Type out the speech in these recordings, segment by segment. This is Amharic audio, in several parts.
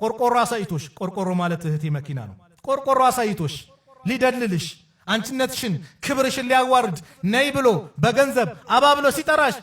ቆርቆሮ አሳይቶሽ፣ ቆርቆሮ ማለት እህቴ መኪና ነው። ቆርቆሮ አሳይቶሽ ሊደልልሽ አንችነትሽን ክብርሽን ሊያዋርድ ነይ ብሎ በገንዘብ አባ ብሎ ሲጠራሽ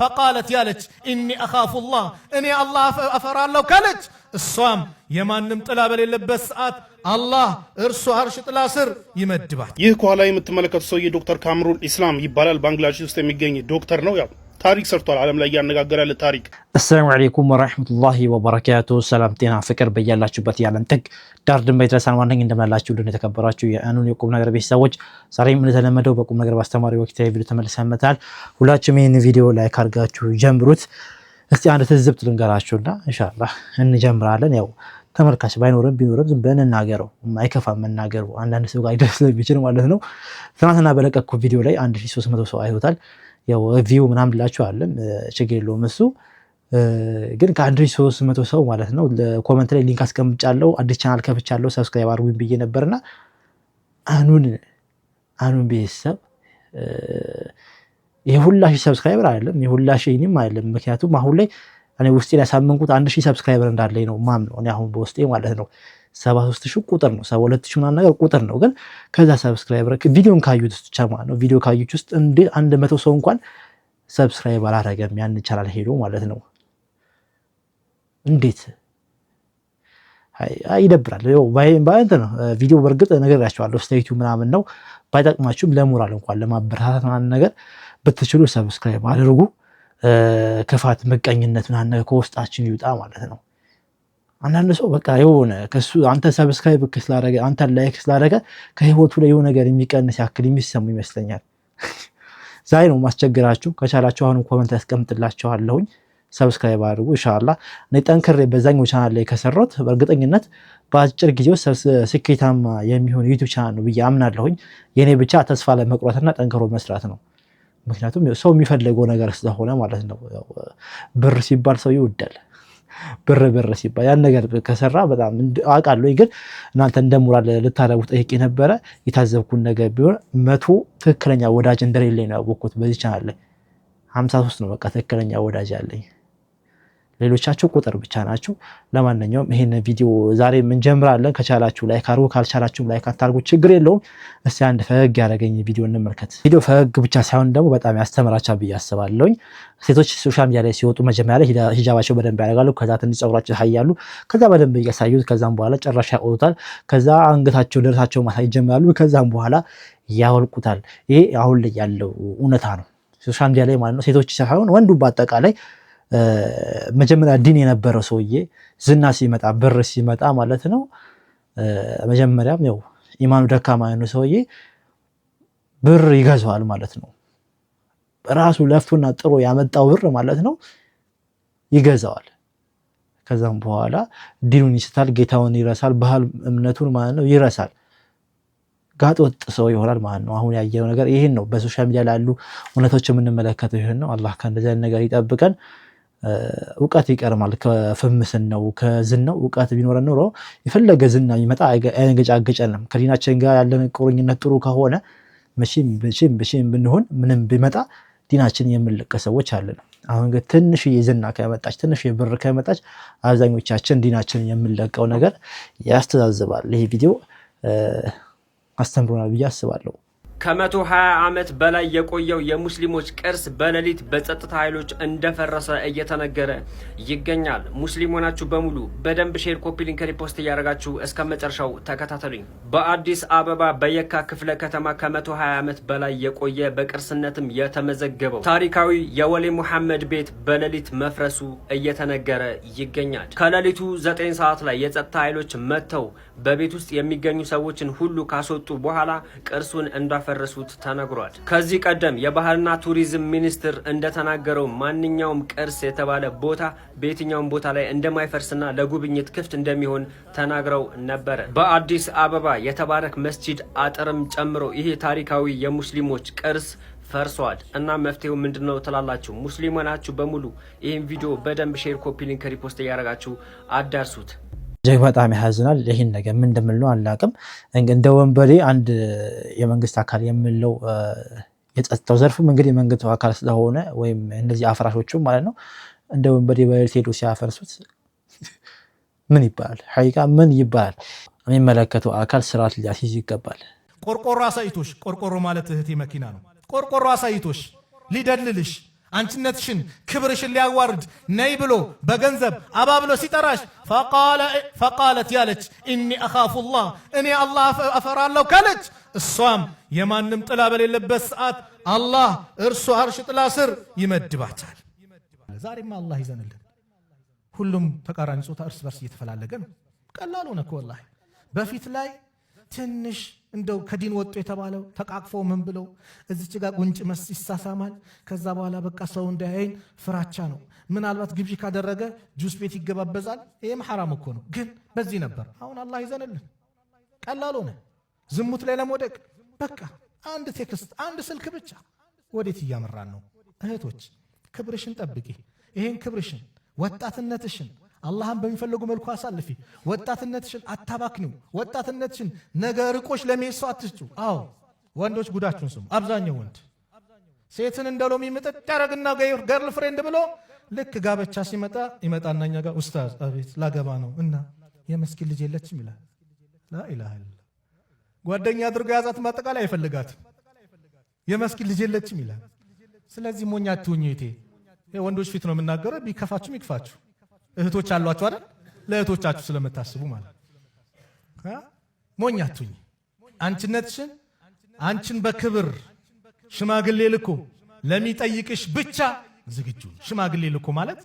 ፈቃለት ያለች እኒ አኻፉላህ እኔ አላህ አፈራለሁ ካለች እሷም የማንም ጥላ በሌለበት ሰዓት አላህ እርሱ አርሽ ጥላ ስር ይመድባል። ይህ ከኋላ የምትመለከቱ ሰውዬ ዶክተር ካምሩል ኢስላም ይባላል። ባንግላዴሽ ውስጥ የሚገኝ ዶክተር ነው ያው ታሪክ ሰርቷል። ዓለም ላይ እያነጋገረ ያለ ታሪክ። አሰላሙ አለይኩም ወራህመቱላሂ ወበረካቱ። ሰላም ጤና ፍቅር በያላችሁበት የዓለም ጥግ ዳር ድንበር ይድረሳን። ዋነኝ እንደምናላችሁ ልን የተከበራችሁ የአኑን የቁም ነገር ቤተሰቦች ዛሬም እንደተለመደው በቁም ነገር በአስተማሪ ወቅት ቪዲዮ ተመልሰመታል። ሁላችሁም ይህን ቪዲዮ ላይክ አድርጋችሁ ጀምሩት። እስቲ አንድ ትዝብት ልንገራችሁና ኢንሻላህ እንጀምራለን። ያው ተመልካች ባይኖርም ቢኖርም ዝም ብለን እናገረው፣ አይከፋ መናገሩ አንዳንድ ሰው ጋር ይደርስ ስለሚችል ማለት ነው። ትናንትና በለቀኩ ቪዲዮ ላይ 1300 ሰው አይቶታል። ያው ቪው ምናምን ብላችሁ አለም ችግር የለውም እሱ ግን ከአንድ ሺህ መቶ ሰው ማለት ነው ኮመንት ላይ ሊንክ አስቀምጫለሁ አዲስ ቻናል ከፍቻለሁ ሰብስክራይብ አድርጉኝ ብዬ ነበርና አኑን አኑን ቤተሰብ የሁላሽ ሰብስክራይበር አይደለም የሁላሽ ሺህ አይደለም ምክንያቱም አሁን ላይ እኔ ውስጤን ያሳመንኩት አንድ ሺህ ሰብስክራይበር እንዳለኝ ነው ማምነው እኔ አሁን በውስጤ ማለት ነው። ሰባ ሶስት ሺህ ቁጥር ነው፣ ሰባ ሁለት ሺህ ምናምን ነገር ቁጥር ነው። ግን ከዛ ሰብስክራይበር ቪዲዮን ካዩት ውስጥ ብቻ ማለት ነው ቪዲዮ ካዩት ውስጥ እንዴት አንድ መቶ ሰው እንኳን ሰብስክራይብ አላረገም ያን ይቻላል ሄዶ ማለት ነው። እንዴት ይደብራል። ባይንት ነው ቪዲዮ በእርግጥ ነግሬያቸዋለሁ፣ ስታይቱ ምናምን ነው። ባይጠቅማችሁም ለሞራል እንኳን ለማበረታታት ምናምን ነገር ብትችሉ ሰብስክራይብ አድርጉ። ክፋት፣ ምቀኝነት ምናምን ከውስጣችን ይውጣ ማለት ነው። አንዳንድ ሰው በቃ የሆነ ከሱ አንተ ሰብስክራይብ ስላደረገ አንተ ላይክ ስላደረገ ከህይወቱ ላይ የሆነ ነገር የሚቀንስ ያክል የሚሰሙ ይመስለኛል። ዛሬ ነው ማስቸግራችሁ። ከቻላችሁ አሁንም ኮመንት ያስቀምጥላችኋለሁኝ። ሰብስክራይብ አድርጉ ኢንሻላህ። እኔ ጠንክሬ በዛኛው ቻናል ላይ ከሰራሁት በእርግጠኝነት በአጭር ጊዜ ውስጥ ስኬታማ የሚሆን ዩቱብ ቻናል ነው ብዬ አምናለሁኝ። የእኔ ብቻ ተስፋ መቁረትና ጠንክሮ መስራት ነው። ምክንያቱም ሰው የሚፈልገው ነገር ስለሆነ ማለት ነው። ብር ሲባል ሰው ይወዳል። ብር ብር ሲባል ያን ነገር ከሰራ በጣም አውቃለሁ። ግን እናንተ እንደ ሙራል ልታረቡ ጠይቄ ነበረ። የታዘብኩን ነገር ቢሆን መቶ ትክክለኛ ወዳጅ እንደሌለኝ ነው ያወቅኩት በዚህ ቻናል ላይ። ሀምሳ ሶስት ነው በቃ ትክክለኛ ወዳጅ ያለኝ። ሌሎቻችሁ ቁጥር ብቻ ናችሁ። ለማንኛውም ይህን ቪዲዮ ዛሬ እንጀምራለን። ከቻላችሁ ላይክ አድርጉ፣ ካልቻላችሁም ላይክ አታርጉ፣ ችግር የለውም። እስቲ አንድ ፈገግ ያደረገኝ ቪዲዮ እንመልከት። ቪዲዮ ፈገግ ብቻ ሳይሆን ደግሞ በጣም ያስተምራቻ ብዬ አስባለሁኝ። ሴቶች ሶሻል ሚዲያ ላይ ሲወጡ መጀመሪያ ላይ ሂጃባቸው በደንብ ያደርጋሉ። ከዛ ትንሽ ጸጉራቸው ያሳያሉ። ከዛ በደንብ እያሳዩት ከዛም በኋላ ጨረሻ ያወጡታል። ከዛ አንገታቸው፣ ደረታቸው ማሳየት ይጀምራሉ። ከዛም በኋላ ያወልቁታል። ይሄ አሁን ላይ ያለው እውነታ ነው። ሶሻል ሚዲያ ላይ ማለት ነው። ሴቶች ሳይሆን ወንዱ በአጠቃላይ መጀመሪያ ዲን የነበረው ሰውዬ ዝና ሲመጣ ብር ሲመጣ ማለት ነው፣ መጀመሪያም ያው ኢማኑ ደካማ የሆነ ሰውዬ ብር ይገዛዋል ማለት ነው። ራሱ ለፍቶና ጥሮ ያመጣው ብር ማለት ነው ይገዛዋል። ከዛም በኋላ ዲኑን ይስታል፣ ጌታውን ይረሳል፣ ባህል እምነቱን ማለት ነው ይረሳል። ጋጥ ወጥ ሰው ይሆናል ማለት ነው። አሁን ያየው ነገር ይህን ነው። በሶሻል ሚዲያ ላሉ እውነቶች የምንመለከተው ይህን ነው። አላህ ከእንደዚህ ነገር ይጠብቀን። እውቀት ይቀርማል ከፍምስናው ከዝናው እውቀት ቢኖረን ኖሮ የፈለገ ዝና ይመጣ አይገጫግጨንም። ከዲናችን ጋር ያለን ቁርኝነት ጥሩ ከሆነ መቼም መቼም መቼም ብንሆን ምንም ቢመጣ ዲናችን የምንለቅ ሰዎች አለን። አሁን ግን ትንሽ ዝና ከመጣች ትንሽ ብር ከመጣች አብዛኞቻችን ዲናችን የምንለቀው ነገር ያስተዛዝባል። ይሄ ቪዲዮ አስተምሮናል ብዬ አስባለሁ። ከመቶ 20 ዓመት በላይ የቆየው የሙስሊሞች ቅርስ በሌሊት በጸጥታ ኃይሎች እንደፈረሰ እየተነገረ ይገኛል። ሙስሊም ሆናችሁ በሙሉ በደንብ ሼር፣ ኮፒ ሊንክ፣ ሪፖስት እያደረጋችሁ እስከ መጨረሻው ተከታተሉኝ። በአዲስ አበባ በየካ ክፍለ ከተማ ከመቶ 20 ዓመት በላይ የቆየ በቅርስነትም የተመዘገበው ታሪካዊ የወሌ ሙሐመድ ቤት በሌሊት መፍረሱ እየተነገረ ይገኛል። ከሌሊቱ 9 ሰዓት ላይ የጸጥታ ኃይሎች መጥተው በቤት ውስጥ የሚገኙ ሰዎችን ሁሉ ካስወጡ በኋላ ቅርሱን እንዳፈ እንዳፈረሱት ተነግሯል። ከዚህ ቀደም የባህልና ቱሪዝም ሚኒስትር እንደተናገረው ማንኛውም ቅርስ የተባለ ቦታ በየትኛውም ቦታ ላይ እንደማይፈርስና ለጉብኝት ክፍት እንደሚሆን ተናግረው ነበረ። በአዲስ አበባ የተባረክ መስጂድ አጥርም ጨምሮ ይሄ ታሪካዊ የሙስሊሞች ቅርስ ፈርሷል እና መፍትሄው ምንድን ነው ትላላችሁ? ሙስሊሞናችሁ በሙሉ ይህን ቪዲዮ በደንብ ሼር፣ ኮፒ ሊንክ፣ ሪፖስት እያደረጋችሁ አዳርሱት። እጅግ በጣም ያሳዝናል። ይህን ነገር ምን እንደምንለው አላቅም። እንደ ወንበዴ አንድ የመንግስት አካል የምለው የጸጥታው ዘርፍም እንግዲህ የመንግስቱ አካል ስለሆነ ወይም እነዚህ አፍራሾቹም ማለት ነው እንደ ወንበዴ በሌሊት ሄዱ ሲያፈርሱት ምን ይባላል? ሐቂቃ ምን ይባላል? የሚመለከተው አካል ስርዓት ሊያስይዝ ይገባል። ቆርቆሮ አሳይቶሽ፣ ቆርቆሮ ማለት እህቴ መኪና ነው። ቆርቆሮ አሳይቶሽ ሊደልልሽ አንቺነትሽን ክብርሽን ሊያዋርድ ነይ ብሎ በገንዘብ አባብሎ ሲጠራሽ ፈቃለት ያለች እኒ አኻፉላህ እኔ አላህ አፈራለሁ ካለች እሷም የማንም ጥላ በሌለበት ሰዓት አላህ እርሱ አርሽ ጥላ ስር ይመድባታል። ዛሬማ አላህ ይዘንልን። ሁሉም ተቃራኒ ጾታ እርስ በርስ እየተፈላለገ ነው። ቀላል ሆነ እኮ ወላሂ በፊት ላይ ትንሽ እንደው ከዲን ወጡ የተባለው ተቃቅፎ ምን ብለው እዚች ጋር ጉንጭ መስ ይሳሳማል። ከዛ በኋላ በቃ ሰው እንዳያይን ፍራቻ ነው። ምናልባት ግብዥ ካደረገ ጁስ ቤት ይገባበዛል። ይህም ሐራም እኮ ነው። ግን በዚህ ነበር። አሁን አላህ ይዘንልን፣ ቀላል ሆነ። ዝሙት ላይ ለመውደቅ በቃ አንድ ቴክስት፣ አንድ ስልክ ብቻ። ወዴት እያመራን ነው? እህቶች ክብርሽን ጠብቂ። ይህን ክብርሽን ወጣትነትሽን አላህን በሚፈልጉ መልኩ አሳልፊ። ወጣትነትሽን አታባክኒው። ወጣትነትሽን ነገ ርቆሽ ለሚሄድ ሰው አትስጩ። አዎ ወንዶች ጉዳችሁን ስሙ። አብዛኛው ወንድ ሴትን እንደ ሎሚ ምጥጥ ያደረግና ገርል ፍሬንድ ብሎ ልክ ጋብቻ ሲመጣ ይመጣና እኛ ጋር ኡስታዝ፣ አቤት ላገባ ነው እና የመስኪን ልጅ የለችም ይላል። ላኢላሃ ጓደኛ አድርጎ ያዛት ማጠቃላይ አይፈልጋትም። የመስኪን ልጅ የለችም ይላል። ስለዚህ ሞኛ አትሁኝ። ወንዶች ፊት ነው የምናገረው። ቢከፋችሁም ይክፋችሁ። እህቶች አሏችሁ አይደል? ለእህቶቻችሁ ስለምታስቡ ማለት ሞኛቱኝ አንችነትሽን አንችን በክብር ሽማግሌ ልኮ ለሚጠይቅሽ ብቻ ዝግጁ ሽማግሌ ልኮ ማለት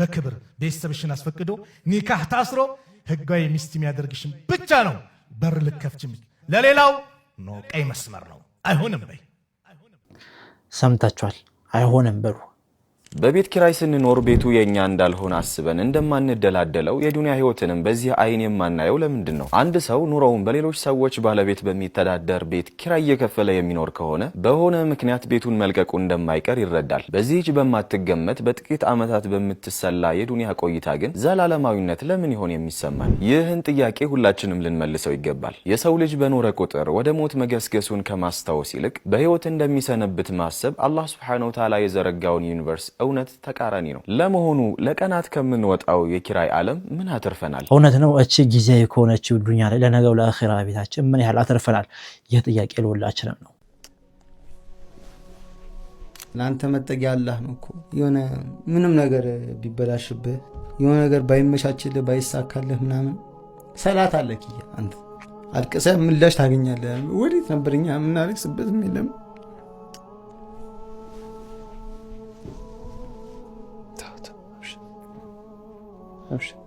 በክብር ቤተሰብሽን አስፈቅዶ ኒካህ ታስሮ ህጋዊ ሚስት የሚያደርግሽን ብቻ ነው በር ልከፍች። ለሌላው ኖ ቀይ መስመር ነው። አይሆንም በይ። ሰምታችኋል። አይሆንም በሩ በቤት ኪራይ ስንኖር ቤቱ የእኛ እንዳልሆነ አስበን እንደማንደላደለው የዱንያ ህይወትንም በዚህ አይን የማናየው ለምንድን ነው? አንድ ሰው ኑሮውን በሌሎች ሰዎች ባለቤት በሚተዳደር ቤት ኪራይ እየከፈለ የሚኖር ከሆነ በሆነ ምክንያት ቤቱን መልቀቁ እንደማይቀር ይረዳል። በዚህች በማትገመት በጥቂት ዓመታት በምትሰላ የዱንያ ቆይታ ግን ዘላለማዊነት ለምን ይሆን የሚሰማን? ይህን ጥያቄ ሁላችንም ልንመልሰው ይገባል። የሰው ልጅ በኖረ ቁጥር ወደ ሞት መገስገሱን ከማስታወስ ይልቅ በህይወት እንደሚሰነብት ማሰብ አላህ ሱብሓነሁ ወተዓላ የዘረጋውን ዩኒቨርስ እውነት ተቃራኒ ነው። ለመሆኑ ለቀናት ከምንወጣው የኪራይ ዓለም ምን አትርፈናል? እውነት ነው እቺ ጊዜያዊ ከሆነችው ዱኛ ላይ ለነገው ለአኺራ ቤታችን ምን ያህል አትርፈናል? ይህ ጥያቄ ለሁላችንም ነው። ለአንተ መጠጊያ አላህ ነው እኮ የሆነ ምንም ነገር ቢበላሽብህ የሆነ ነገር ባይመቻችልህ ባይሳካልህ ምናምን ሰላት አለክ። አንተ አልቅሰህ ምላሽ ታገኛለህ። ወዴት ነበርኛ የምናለቅስበት የለም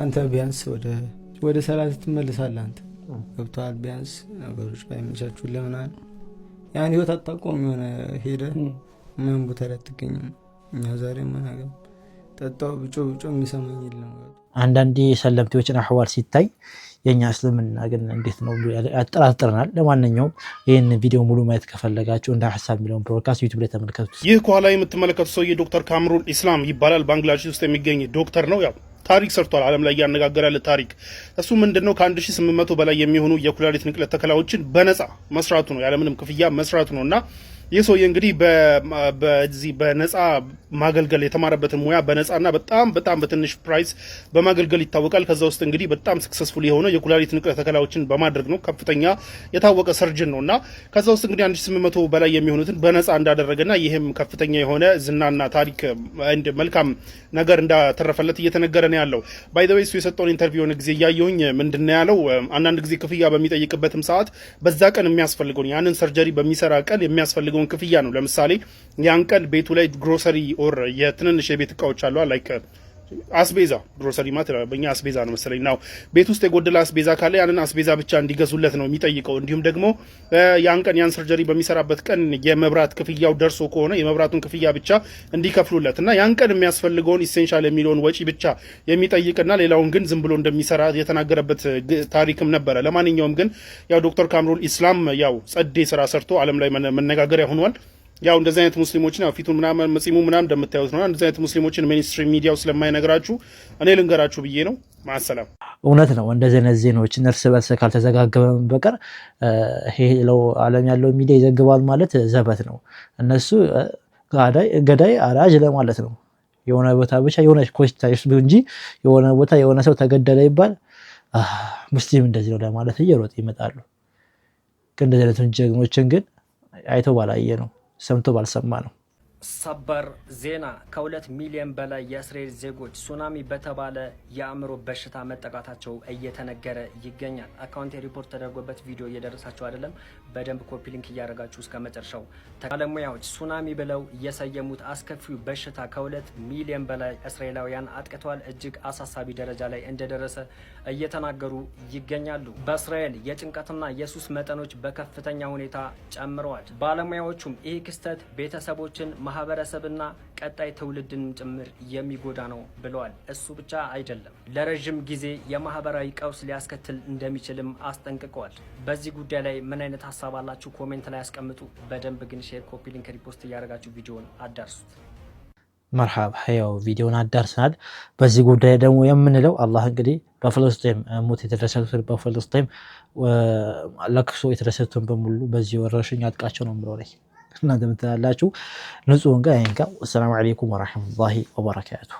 አንተ ቢያንስ ወደ ሰላት ትመልሳለህ። አንተ ገብቶሃል። ቢያንስ ነገሮች ያን ህይወት አታቆም የሆነ ሄደህ ምን ቦታ ላይ አትገኝም። እኛ ዛሬ ምን አገባ ጠጣው ብጮ ብጮ የሚሰማኝ የለም። አንዳንዴ የሰለምቴዎችን አህዋል ሲታይ የእኛ እስልምና ግን እንዴት ነው ያጠራጥረናል። ለማንኛውም ይህን ቪዲዮ ሙሉ ማየት ከፈለጋችሁ እንደ ሀሳብ የሚለውን ፕሮድካስት ዩቱብ ላይ ተመልከቱ። ይህ ከኋላ የምትመለከቱ ሰውዬ ዶክተር ካምሩል ኢስላም ይባላል። ባንግላዴሽ ውስጥ የሚገኝ ዶክተር ነው። ያው ታሪክ ሰርቷል። ዓለም ላይ እያነጋገረ ያለ ታሪክ እሱ ምንድን ነው? ከ1800 በላይ የሚሆኑ የኩላሊት ንቅለት ተከላዎችን በነፃ መስራቱ ነው፣ ያለምንም ክፍያ መስራቱ ነው እና ይህ ሰውዬ እንግዲህ በዚህ በነፃ ማገልገል የተማረበትን ሙያ በነፃና በጣም በጣም በትንሽ ፕራይስ በማገልገል ይታወቃል። ከዛ ውስጥ እንግዲህ በጣም ስክሰስፉል የሆነ የኩላሊት ንቅለ ተከላዎችን በማድረግ ነው። ከፍተኛ የታወቀ ሰርጅን ነው እና ከዛ ውስጥ እንግዲህ መቶ በላይ የሚሆኑትን በነፃ እንዳደረገና ይህም ከፍተኛ የሆነ ዝናና ታሪክ አንድ መልካም ነገር እንዳተረፈለት እየተነገረ ነው ያለው። ባይ ዘ እሱ የሰጠውን ኢንተርቪው የሆነ ጊዜ እያየሁኝ ምንድን ነው ያለው፣ አንዳንድ ጊዜ ክፍያ በሚጠይቅበትም ሰዓት በዛ ቀን የሚያስፈልገውን ያንን ሰርጀሪ በሚሰራ ቀን የሚያስፈልገው የሚያደርገውን ክፍያ ነው። ለምሳሌ ያን ቀን ቤቱ ላይ ግሮሰሪ ኦር የትንንሽ የቤት እቃዎች አሉ ላይክ አስቤዛ ግሮሰሪ ማት በእኛ አስቤዛ ነው መሰለኝ። ናው ቤት ውስጥ የጎደለ አስቤዛ ካለ ያንን አስቤዛ ብቻ እንዲገዙለት ነው የሚጠይቀው። እንዲሁም ደግሞ ያን ቀን ያን ሰርጀሪ በሚሰራበት ቀን የመብራት ክፍያው ደርሶ ከሆነ የመብራቱን ክፍያ ብቻ እንዲከፍሉለት እና ያን ቀን የሚያስፈልገውን ኢሴንሻል የሚለውን ወጪ ብቻ የሚጠይቅና ሌላውን ግን ዝም ብሎ እንደሚሰራ የተናገረበት ታሪክም ነበረ። ለማንኛውም ግን ያው ዶክተር ካምሩል ኢስላም ያው ጸዴ ስራ ሰርቶ አለም ላይ መነጋገሪያ ሆኗል። ያው እንደዚህ አይነት ሙስሊሞችን ያው ፊቱን ምናምን መጺሙ ምናምን እንደምታዩት ነው። እንደዚህ አይነት ሙስሊሞችን ሚኒስትሪ ሚዲያው ስለማይነግራችሁ እኔ ልንገራችሁ ብዬ ነው። ማሰላም እውነት ነው። እንደዚህ አይነት ዜናዎችን እርስ በርስ ካልተዘጋገበም በቀር ሄለው ዓለም ያለው ሚዲያ ይዘግባል ማለት ዘበት ነው። እነሱ ገዳይ አራጅ ለማለት ነው። የሆነ ቦታ ብቻ የሆነ ኮስታ እንጂ የሆነ ቦታ የሆነ ሰው ተገደለ ይባል ሙስሊም እንደዚህ ነው ለማለት እየሮጥ ይመጣሉ። ግን እንደዚህ አይነት ጀግኖችን ግን አይተው ባላየ ነው። ሰምቶ ባልሰማ ነው። ሰበር ዜና ከሁለት ሚሊዮን በላይ የእስራኤል ዜጎች ሱናሚ በተባለ የአእምሮ በሽታ መጠቃታቸው እየተነገረ ይገኛል። አካውንት ሪፖርት ተደርጎበት ቪዲዮ እየደረሳቸው አይደለም። በደንብ ኮፒ ሊንክ እያደረጋችሁ እስከ መጨረሻው። ባለሙያዎች ሱናሚ ብለው የሰየሙት አስከፊው በሽታ ከሁለት ሚሊዮን በላይ እስራኤላውያን አጥቅተዋል። እጅግ አሳሳቢ ደረጃ ላይ እንደደረሰ እየተናገሩ ይገኛሉ። በእስራኤል የጭንቀትና የሱስ መጠኖች በከፍተኛ ሁኔታ ጨምረዋል። ባለሙያዎቹም ይህ ክስተት ቤተሰቦችን ማህበረሰብና ቀጣይ ትውልድን ጭምር የሚጎዳ ነው ብለዋል። እሱ ብቻ አይደለም፣ ለረዥም ጊዜ የማህበራዊ ቀውስ ሊያስከትል እንደሚችልም አስጠንቅቀዋል። በዚህ ጉዳይ ላይ ምን አይነት ሀሳብ አላችሁ? ኮሜንት ላይ ያስቀምጡ። በደንብ ግን ሼር፣ ኮፒ ሊንክ፣ ሪፖስት እያደረጋችሁ ቪዲዮውን አዳርሱት። መርሃብ ያው ቪዲዮን አዳርሰናል። በዚህ ጉዳይ ደግሞ የምንለው አላህ እንግዲህ በፍልስጤም ሞት የተደረሰቱትን በፍልስጤም ለክሶ የተደረሰቱትን በሙሉ በዚህ ወረርሽኝ አጥቃቸው ነው ምለ እናንተ ምትላላችሁ ንጹህ ጋር ይንቃ። ወሰላሙ አለይኩም ወራህመቱላሂ ወበረካቱ